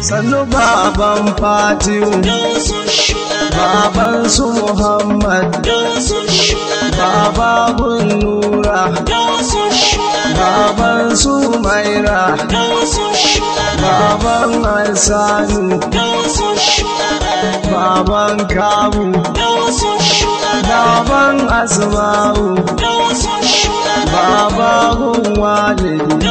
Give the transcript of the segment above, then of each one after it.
sannu baban fatiu baban su muhammad baban nura baban su maira baban sani baban kabu baban asma'u baban walidi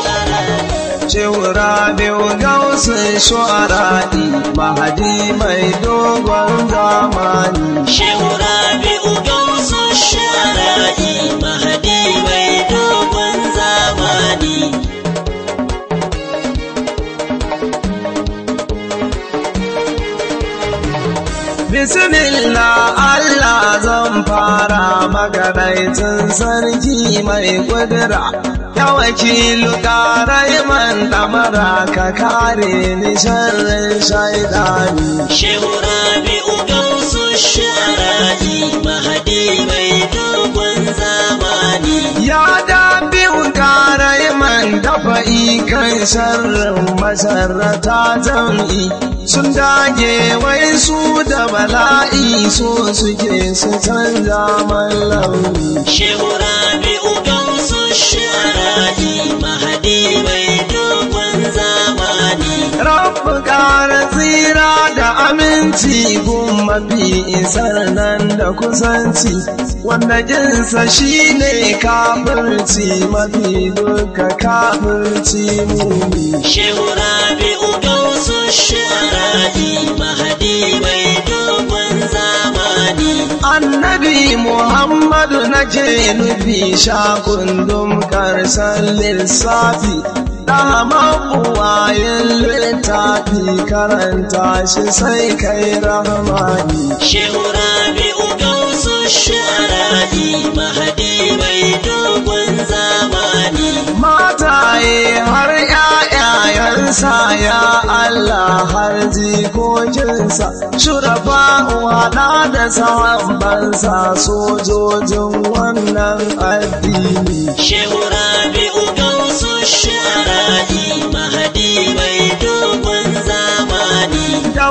ce wura biyu gausun shuwara'i, mahadi mai dogon zamani. Shehu Rabi'u gausun shuwara'i, mahadi mai dogon zamani. Bismillah Allah zan fara maganaicin sarki mai kudura. ta wakilu ƙarai man ɗamara ka kare ni sharrin shaidani. Shehu Rabi'u gamsu shara'i mahadi mai dogon zamani. Ya dabi'u ƙarai man dafa kan sharrin masarrata jam'i. sun dage wai su da bala'i so suke su canza mallauni. Shehu Rabi'u su sharaɗi mahadi mai dogon zamani. Rabbu ƙara tsira da aminci gun mafi isar nan da kusanci, wanda jinsa shi ne kafirci mafi duka kafirci mumi. Shehu Rabi'u sharadi mahadi mai dogon zamani annabi muhammadu na je nufi shakundum karsan lissafi dama uwayen littafi karanta shi sai kai rahmani shehu rabi'u gausu sharadi mahadi mai dogon zamani mataye har sa ya Allah har jikokinsa shurafa hada da bansa sojojin wannan addini. Shehu Rabi'u su Shu'ara'i Mahadi mai dogon zamani. Da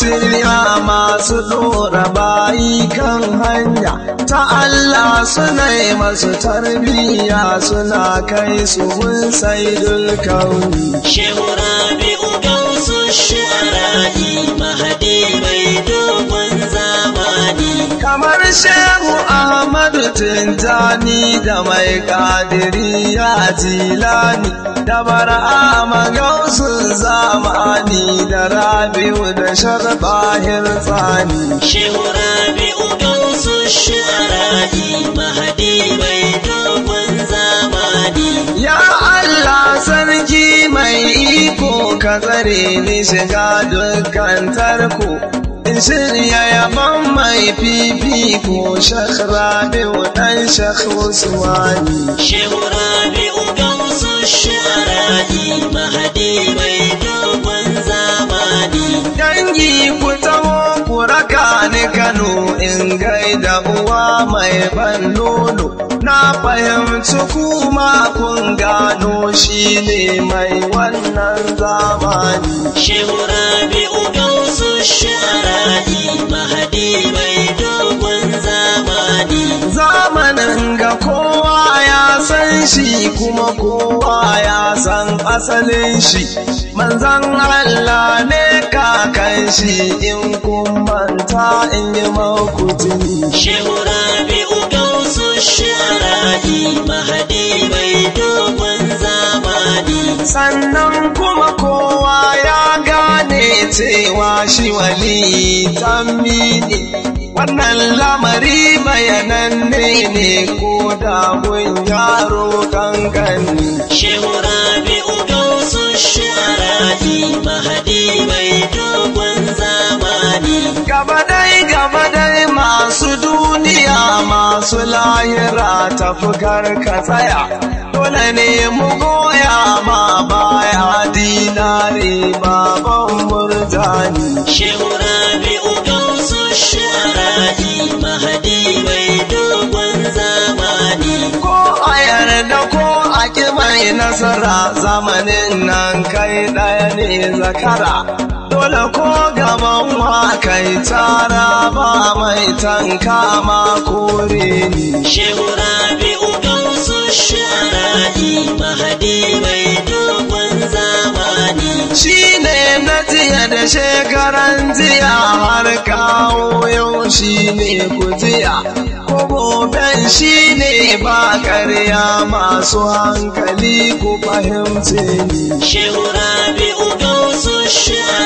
shirya masu ɗora bayi kan hanya ta Allah suna yi masu tarbiyya suna kai su mun sai dulkauni. Shehu Rabi'u Gamsu Shi'ara'i Mahadi mai dubu kamar shehu ahmadu tintani da mai kadiri ya jilani da bar'ama gausun zamani da rabi'u da sharbahir tsani shehu rabi'u gausun sharadi mahadi mai dogon zamani ya allah sarki mai iko ka tsare ni shiga dukkan tarko ya yaban mai fifi ko shekh rabi'u dan shekh usmani shehu rabi'u gamsu sha'arani mahadi mai haka ni Kano in gaida uwa mai ban nono na fahimci kuma kun gano shi ne mai wannan zamani. Shehu Rabi'u Gausu Shu'ara'i Mahadi mai dogon zamani. Zamanin ga ya san shi kuma kowa ya san asalin shi manzan Allah ne kakan shi in kun manta in yi shi. shehu rabi'u gausu shara'i mahadi sannan kuma kowa ya gane cewa shi wali tamini wannan lamari bayanan ne ko da mun yaro kankani shehu rabi'u gausun shu'arani mahadi mai dogon zamani gaba dai gaba dai masu duniya ma masu layira tafukar ka tsaya dole ne mu goya ma baya dinare baban murjani shehu rabi'u gausu shu'ara'i mahadi mai dogon zamani ko a yarda ko a ƙi mai nasara zamanin nan kai ɗaya ne zakara dole ko gaban kai tara ba mai tanka ma kore ni shehu rabi'u gamsu sharadi mahadi mai dogon zamani Shi ne na jiya da shekaran jiya har kawo yau shi shine kujiya koboben ne ba karya masu hankali ku fahimce ni shehu rabi'u su sharadi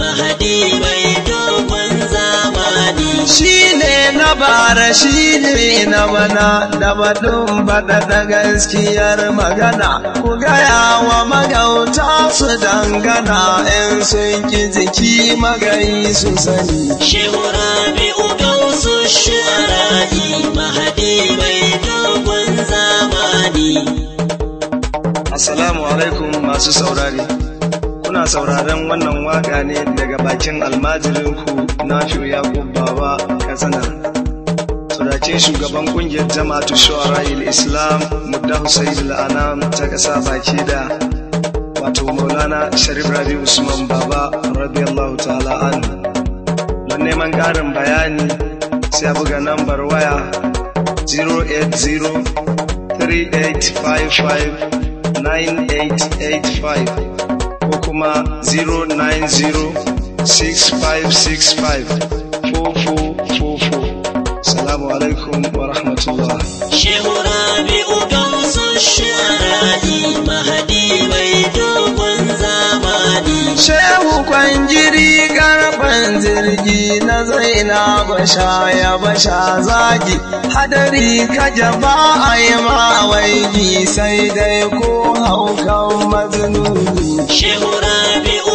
mahadi mai dogon zamani shi ne na bara shi ne na bana da badun bada da gaskiyar magana ku gaya wa magauta su dangana in sun ki jiki magayi su sani shehu rabi'u gausu shu'ara'i mahadi mai dogon zamani Assalamu alaikum masu saurari. kuna sauraron wannan waka ne daga bakin almajirinku na yakub baba katsina sadace shugaban kungiyar jama'atu shawara islam mudda husayn al'anam ta kasa baki da wato maulana sharif rabi usman baba radiyallahu ta'ala an don neman ƙarin bayani sai buga nambar waya 080 3855 9885 kuma 090-6565-4444. salamu alaikum wa rahmatullah shehu rabi'u gamsun sharadi mahadi mai dogon zamani shehu kwanjiri garban zirgi na zaina basha ya basha zagi hadari ka jaba a yi ma sai dai ko haukan mazlumi Shehu Rabi'u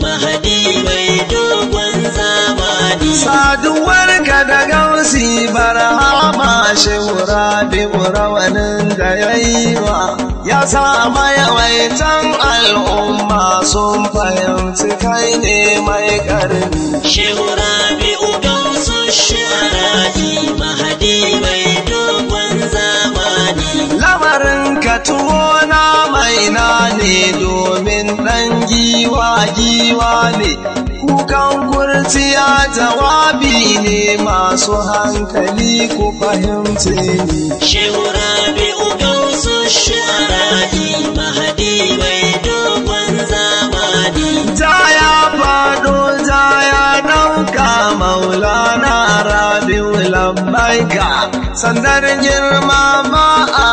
Mahadi mai dogon zamani. Saduwar ka da Gausi barhama Shehu Rabi'u rawanin da ya yi wa ya sa mayawaitan al'umma sun fahimci kai ne mai ƙarni. Shehu Rabi'u Gausu Shara'i Mahadi mai dogon zamani. Lamarin ka tuwo raina ne domin ɗan giwa giwa ne, kukan kurciya jawabi ne masu hankali ku fahimce ni. Shehu Rabi'u Gausu Shara'i Mahadi mai dogon zamani. Jaya fado jaya ɗauka maulana Rabi'u lambaika, sandar girma ba a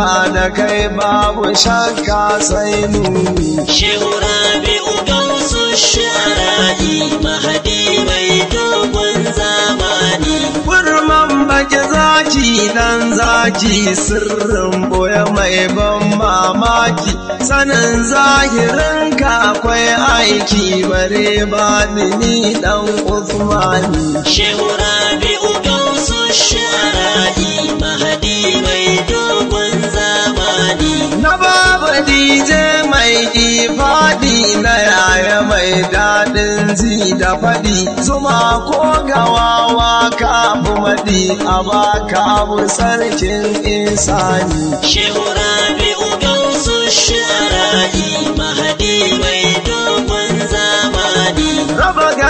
Ka da kai babu shakka sai nuni. Shehu Rabi'u gamsu sharadi mahadi mai dogon zamani. Kurman baki zaki dan zaki sirrin boye mai ban mamaki. Sanin zahirin ka akwai aiki bare ba ni dan Usmani. Shehu Rabi'u gamsu sharadi dije mai ifadi na yaya mai daɗin ji da faɗi zuma ko gawawa ka fi maɗi a baka abu sarkin isani. Shehu Rabi'u Gamsu Shara'i Mahadi mai dogon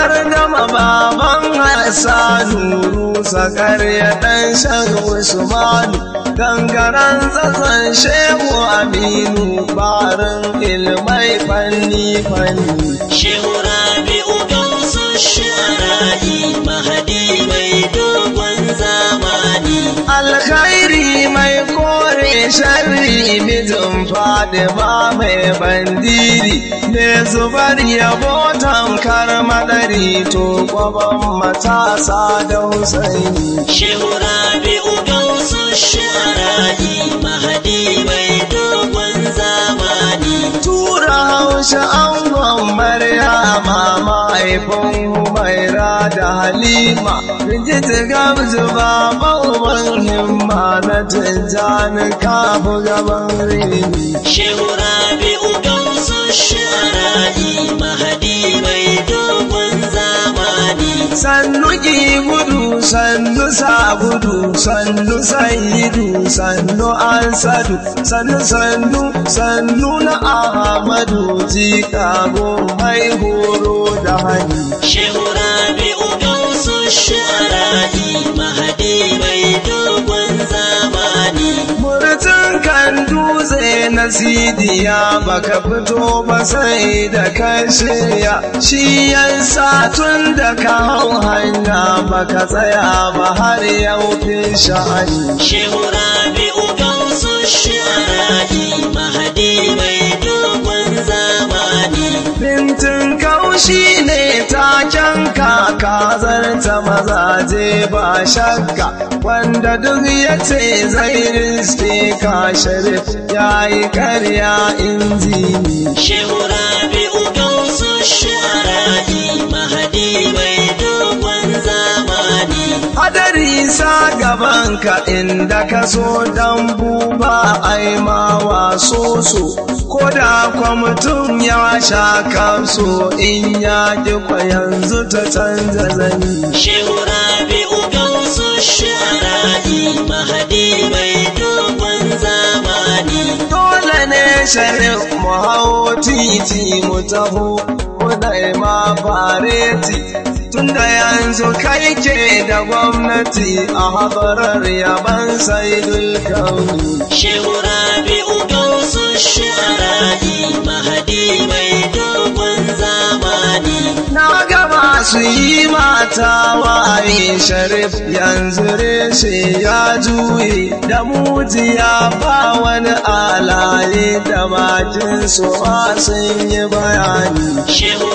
gama baban Hassanu sakar ya ɗan shan Usmanu gangaren tsatsan Shehu Aminu barin ilmai fanni fanni. Shehu Rabi'u gamsashen shara'i mai mijin faɗi ba mai bandiri ne zubar yabo tankar madari to gwaban matasa da husaini shehu rabi'u gausar mahaifin humaira da halima ji tiga su ba mauban himma na tijjani kafu gaban rini shehu rabi'u gamsu shara'i mahadi mai dogon sannu gudu sannu sabudu sannu sayidu sannu ansadu sannu sannu sannu na ahmadu zikago mai horo da hani shehu rabi'u gamsu shara'i mahadi mai dutse na sidiya baka fito ba sai da ka shirya shi yasa tun da ka hau hanya baka tsaya ba har yau fi sha'ani shehu rabi'u gamsu shi ne taken Kazarta zarta je ba shakka wanda duk ya ce zai riske ka sharif ya yi karya injini. Shehu Rabi'u Gausu Shu'ara'i Mahadi hadari sa gabanka inda ka so dan buba ai ma waso so ko da kwa mutum ya sha kamso in ya ji kwa yanzu ta canza zani shehu rabi'u su shara'i mahadi mai dogon zamani dole ne shari mu hau titi mu taho mu ma fareti tunda yanzu kai ke da gwamnati a habarar yaban sai dulkauni. Shehu Rabi'u Gausu Shu'ara'i Mahadi mai dogon zamani. Na gaba su yi mata wani sharif yanzu reshe ya juye da ya ba wani alaye da bakin su sun yi bayani. Shehu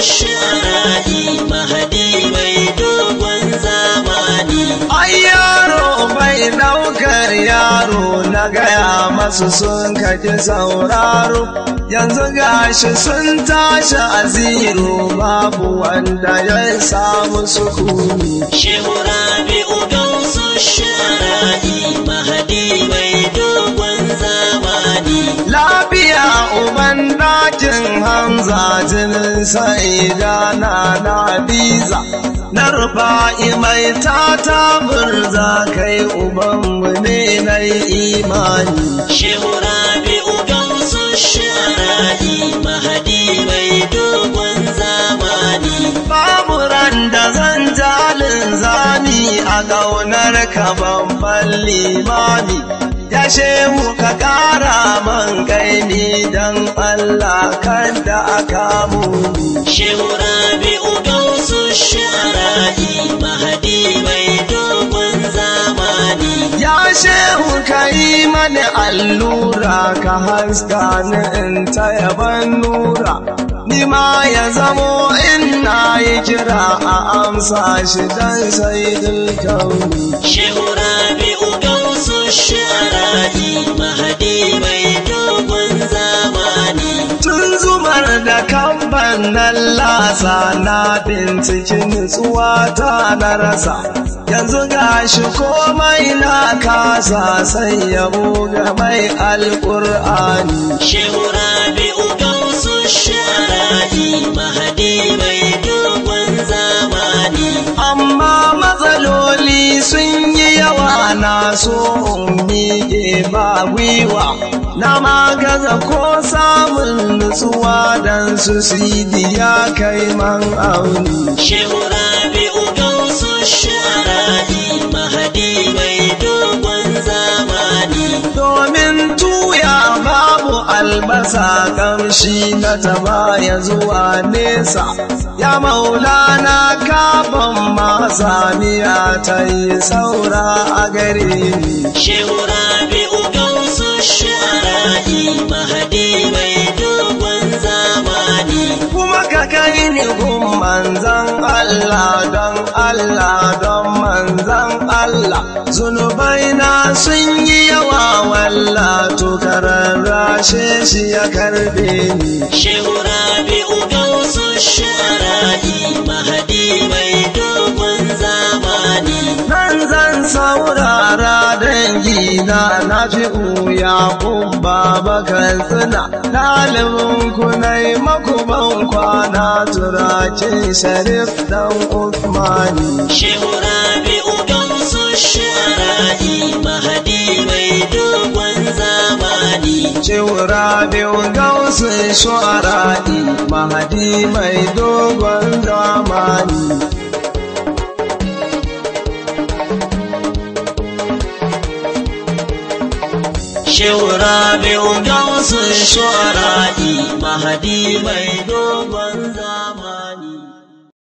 sha'ani mahadi mai dogon zamani ai yaro bai daukar yaro na gaya masu sun kaji sauraro yanzu gashi sun tashi a ziro babu wanda ya samu sukuni shehu rabi'u don su sha'ani mahadi mai uban dakin hamza jinin sa'ida na na biza na rufa'i mai ta ta burza kai ubanmu ne na imani shehu rabi'u su shara'i mahadi mai dogon zamani babu da zan jalin zani a gaunar kaban babban limami ya mu ka ƙara man ni dan Allah kada da aka mu Shehu Rabi'u Gausu Mahadi mai dogon zamani. Ya shehu Kayi mana allura ka haska ni in ta yaban nura. Ni ma ya zamo in na yi jira a amsa shi dan sai kauni. Shehu busharati mahadi mai dogon zamani tun zumar da kamban nan lasa na binciken nutsuwa ta na rasa yanzu gashi komai na kasa sai ya ga mai alƙur'ani shehu rabi'u gausu sharati mahadi mai dogon zamani amma matsaloli sun yi yawa na so miƙe ba gwiwa na magaza ko samun nutsuwa don su sidiya kai man auni. masa kamshi na taba ya zuwa nesa ya maulana kafin ma miya ta yi saura a gare ni shehura biyu gausar sha'ara'i mahadi mai kai ni gun manzan Allah don Allah don manzan Allah zunubai na sun yi yawa walla tukarar rashe shi ya karbe ni shehu rabi'u gausu shara'i mahadi mai saurara dangi na na ji uya kun baba kan suna ɗalibin ku maku ban kwana turace sharif dan usmani shehu rabi'u don su shara'i mahadi mai dogon zamani shehu rabi'u don su shara'i mahadi mai dogon zamani shehu rabi'u gamsu shu'ara'i mahadi mai dogon